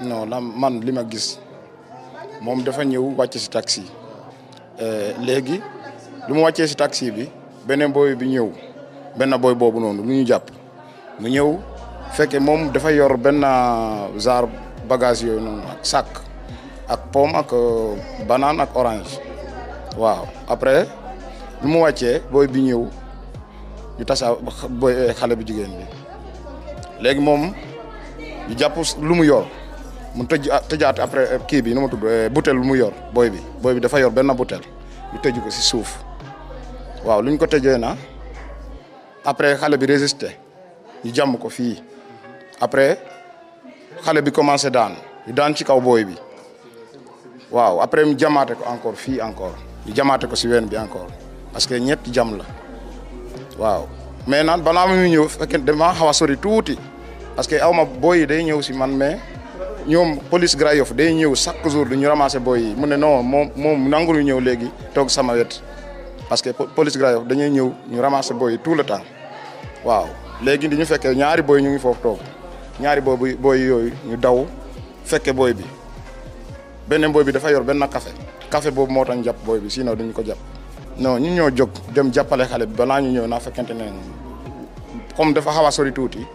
non la man li ma gis moom dafa ñëw wàcc si taxi eh, léegi lu mu wàccee si taxi bi beneen booy bi ñëw benn booy boobu noonu lu ñu jàpp mu ñëw fekkee moom dafa yor benn euh, genre bagage yooyu noonu ak sac ak pomme ak euh, banaan ak orange waaw après lu mu wàccee booy bi ñëw ñu tasa booy eh, xale bu jigéen bi léegi moom ñu jàpp lu mu yor mu tëj ah, tëjaat après eh, kii bi nu ma tudd eh, butel mu yor booy bi booy bi dafa yor benn butel ñu tëj ko si suuf waaw luñ ko tëjee na après xale bi résisté ñu jàmm ko fii après xale bi commencé daan ñu daan ci kaw booy bi waaw après mu jamaate ko encore fii encore ñu jamaate ko si ween bi encore parce que ñett jam la waaw mais naan balaa muy ñëw fekkee damaa xaw a sori tuuti parce que aw ma booy yi day ñëw si man mais. ñoom police Grand Yoff day ñëw chaque jour du ñu ramasser booy mu ne non moom moom nangu ñu ñëw léegi toog sama wet parce que police Grand Yoff dañuy ñëw ñu ramasser booy yi tout le temps waaw léegi di ñu fekkee ñaari booy ñu ngi foofu toog ñaari boobu booy yooyu ñu daw fekke booy bi beneen booy bi dafa yor benn kafe kafe boobu moo tax ñu jàpp booy bi sinon duñu ko jàpp non ñu ñoo jóg dem jàppale xale bi balaa ñu ñëw naa fekkente ne comme dafa xaw a sori tuuti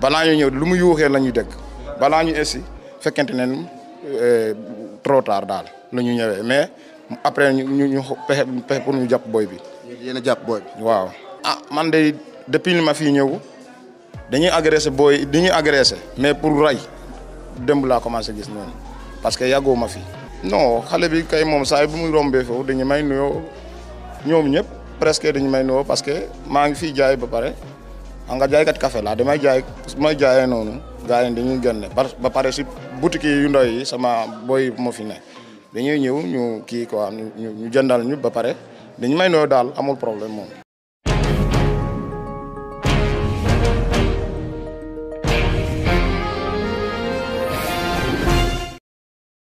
balaa ñu ñëw lu mu yuuxee la ñuy dégg balaa ñu essi fekkente ne euh, trop tard daal la ñu ñëwee mais après ñu ñu pexe pexe pour ñu jàpp booy bi. yéen a jàpp booy bi. waaw ah man de depuis li ma fii ñëw dañuy agressé booy dañuy agressé mais pour rey démb laa commencé gis noonu parce que yàggoo ma fi. non xale bi kay moom saa bu muy rombee foofu dañu may nuyoo ñoom ñëpp presque dañu may nuyoo parce que maa ngi fii jaay ba pare xam nga jaaykat café laa damay jaay may jaayee noonu. gaa yi dañuy génne ba pare si boutique yu ndaw yi sama booy moo fi nekk dañuy ñëw ñu kii quoi ñu jëndal ñu ba pare dañu may noo daal amul problème moom.